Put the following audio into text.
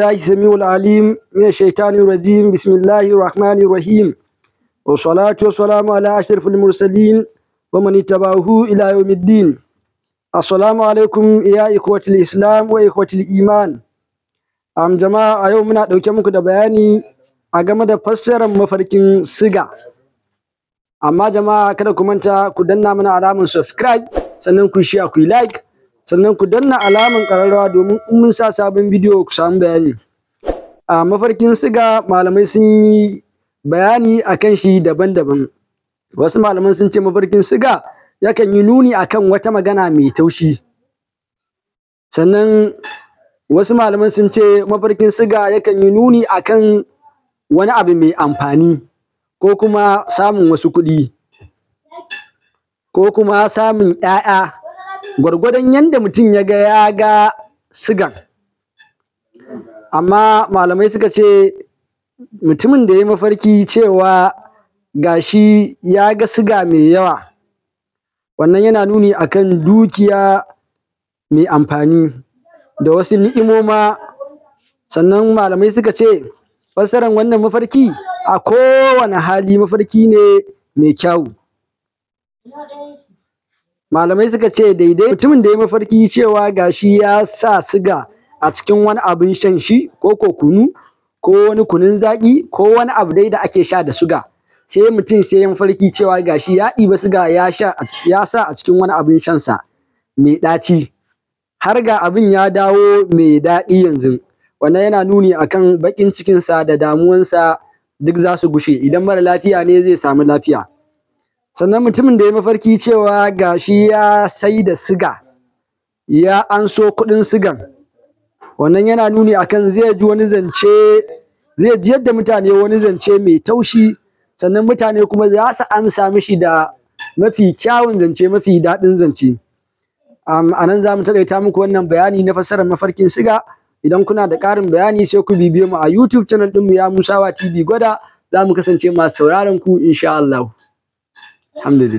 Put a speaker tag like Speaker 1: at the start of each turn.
Speaker 1: ilahi samiul alim min ashaitani rajim bismillahi rahmani rahim wassalatu wassalamu ala ashrafil mursalin wa man ittabahu ila yawmiddin assalamu alaikum ya ikhwatul islam wa ikhwatul iman am jama'a a yau muna ɗauke muku da bayani a game da fassarar mafarkin siga amma jama'a kada ku manta ku danna mana alamun subscribe sannan ku share ku yi like sannan ku danna alaman ƙararrawa domin in mun sa sabon bidiyo ku samu bayani a mafarkin siga malamai sun yi bayani akan shi daban-daban wasu malaman sun ce mafarkin siga yakan yi nuni akan wata magana mai taushi sannan wasu malaman sun ce mafarkin siga yakan yi nuni akan wani abu mai amfani ko kuma samun wasu kuɗi ko kuma samun ‘ya'ya gwargwadon yadda mutum ya ga ya ga sigan amma malamai suka ce mutumin da ya mafarki cewa gashi ya ga siga mai yawa wannan yana nuni akan dukiya mai amfani da wasu ni'imoma sannan malamai suka ce fassarar wannan mafarki a kowane hali mafarki ne mai kyau malamai suka ce daidai mutumin da ya mafarki cewa gashi ya sa siga a cikin wani abin shan shi ko ko kunu ko wani kunun zaki ko wani abu dai da ake sha da suga sai mutum sai ya mafarki cewa gashi ya ɗiba siga ya sha ya sa a cikin wani abin shan sa mai ɗaci har ga abin ya dawo mai daɗi yanzu wannan yana nuni akan baƙin cikinsa da damuwansa duk za su gushe idan mara lafiya ne zai samu lafiya sannan mutumin da ya mafarki cewa gashi ya sai da siga ya anso kuɗin sigan wannan yana nuni akan zai ji wani zance zai ji yadda mutane wani zance mai taushi sannan mutane kuma za su amsa mishi da mafi kyawun zance mafi daɗin zance a nan za mu taƙaita muku wannan bayani na fassarar mafarkin siga idan kuna da ƙarin bayani sai ku bibiyo mu a youtube channel ɗinmu ya musawa tv gwada za mu kasance masu sauraron ku insha Allah الحمد لله